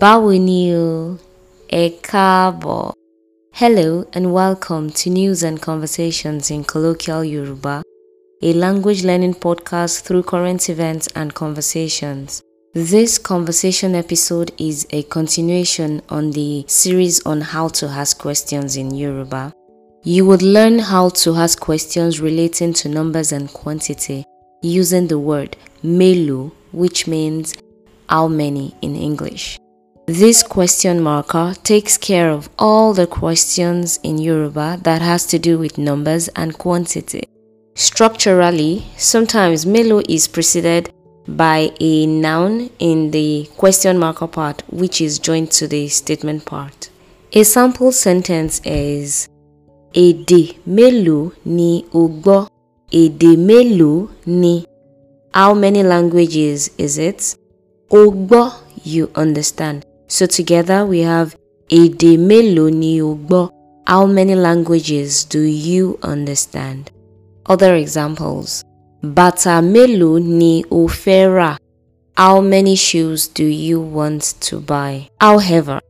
Báwo ni Hello and welcome to News and Conversations in Colloquial Yoruba, a language learning podcast through current events and conversations. This conversation episode is a continuation on the series on how to ask questions in Yoruba. You would learn how to ask questions relating to numbers and quantity using the word melu, which means how many in English. This question marker takes care of all the questions in Yoruba that has to do with numbers and quantity. Structurally, sometimes melo is preceded by a noun in the question marker part which is joined to the statement part. A sample sentence is Èdè melu ni o gbọ́? Èdè melu ni? How many languages is it? O you understand. So together we have Èdè melo ni o How many languages do you understand? Other examples. Bàtà melo ni o How many shoes do you want to buy? However,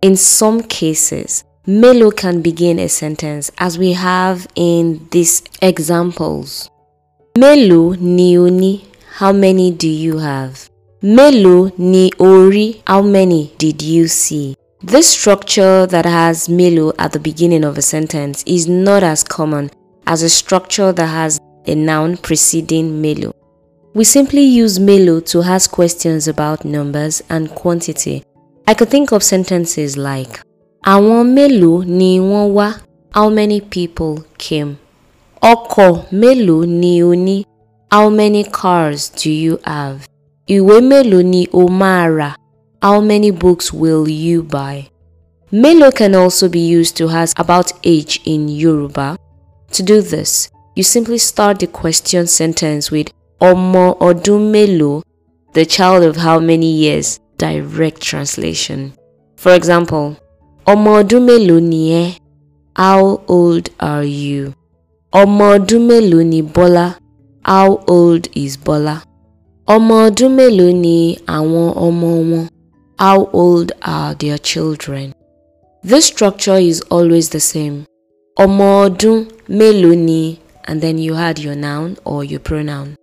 in some cases, melo can begin a sentence as we have in these examples. Melo ni How many do you have? Melu ni ori? How many did you see? This structure that has melu at the beginning of a sentence is not as common as a structure that has a noun preceding melu. We simply use melu to ask questions about numbers and quantity. I could think of sentences like Àwọn melu ni wọ́n wá? How many people came? Ọkọ̀ melu ni uni? How many cars do you have? Ìwé mélòó ni How many books will you buy? Melo can also be used to ask about age in Yoruba. To do this, you simply start the question sentence with Ọmọ ọdún Melo, the child of how many years, direct translation. For example, Ọmọ ọdún melo ni ẹ́? How old are you? Ọmọ ọdún melo ni Bọ́lá? How old is Bọ́lá? Ọmọ ọdún àwọn ọmọ wọn? How old are their children? This structure is always the same. Ọmọ meluni and then you add your noun or your pronoun.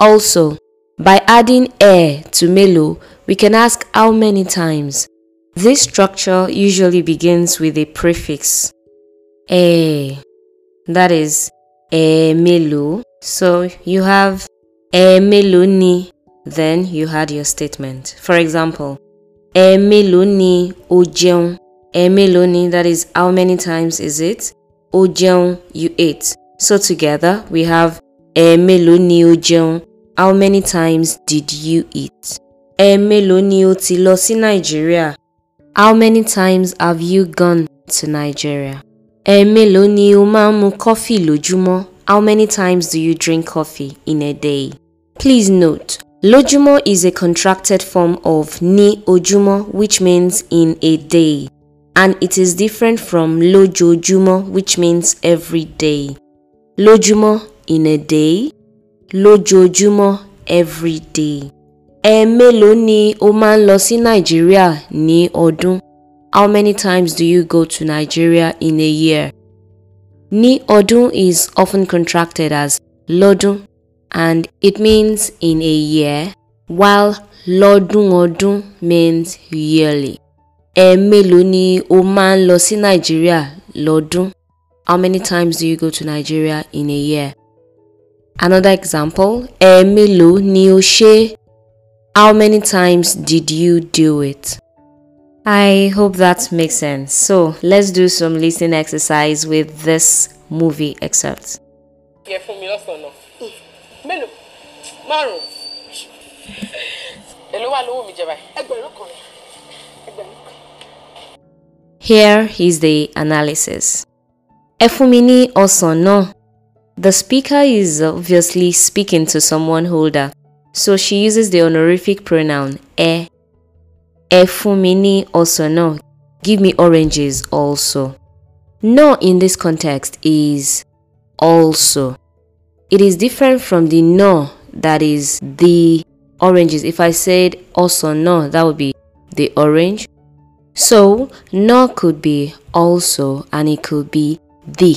Also, by adding e to Melu, we can ask how many times. This structure usually begins with a prefix. E, that is e Melu. So you have Emeloni. Then you had your statement. For example, Emeloni ojeun. Emeloni, that is how many times is it? Ojeon, you ate. So together we have Emeloni ojeon. How many times did you eat? Emeloni o ti lọ sí Nigeria. How many times have you gone to Nigeria? Ẹ̀ẹ̀mélòó ni o máa mu coffee lójúmọ́? How many times do you drink coffee in a day? Please note, Lojumo is a contracted form of ni ojumo, which means in a day, and it is different from lojojumo, which means every day. Lojumo in a day, lojojumo every day. Ẹ̀ẹ̀mélòó ni oman losi Nigeria ní ọdún? How many times do you go to Nigeria in a year? Ni Odun is often contracted as Lodun and it means in a year, while Lodun Odun means yearly. Emeluni ni o Nigeria ń lọ́dún? How many times do you go to Nigeria in a year? Another example, Ẹ̀ẹ̀mélòó ni o How many times did you do it? I hope that makes sense. So let's do some listening exercise with this movie excerpt. Here is the analysis. Ẹ fún The speaker is obviously speaking to someone older, so she uses the honorific pronoun ẹ Ẹ fún mi ní Give me oranges also. No in this context is also. It is different from the no that is the oranges. If I said also no, that would be the orange. So, no could be also and it could be the.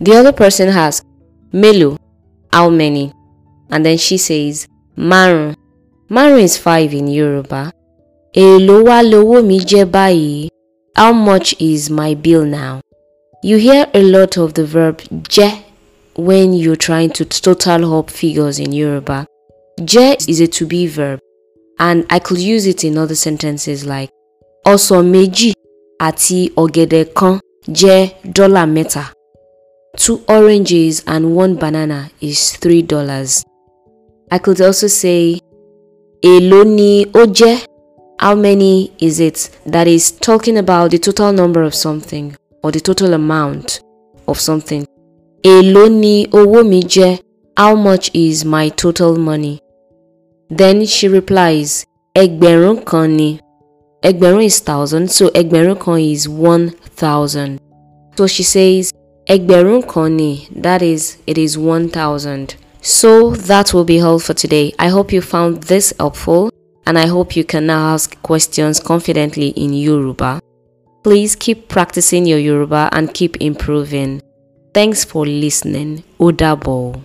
The other person has melu, how many? And then she says Maru, Maru is five in Yoruba. Èló wá lowó mi jẹ́ bayi. How much is my bill now? You hear a lot of the verb jẹ́ when you're trying to total up figures in Yoruba. Jẹ́ is a to be verb and I could use it in other sentences like also méjì àti ọ̀gẹ̀dẹ̀ kan jẹ́ dollar mẹ́ta. Two oranges and one banana is three dollars. I could also say eloni oje how many is it that is talking about the total number of something or the total amount of something? A loni owó mije. How much is my total money? Then she replies, Ẹgbẹ̀rún kan ni. Ẹgbẹ̀rún is thousand, so ẹgbẹ̀rún kan is one thousand. So she says, Ẹgbẹ̀rún kan ni, that is, it is one thousand. So that will be all for today. I hope you found this helpful and I hope you can now ask questions confidently in Yoruba. Please keep practicing your Yoruba and keep improving. Thanks for listening. Odabo.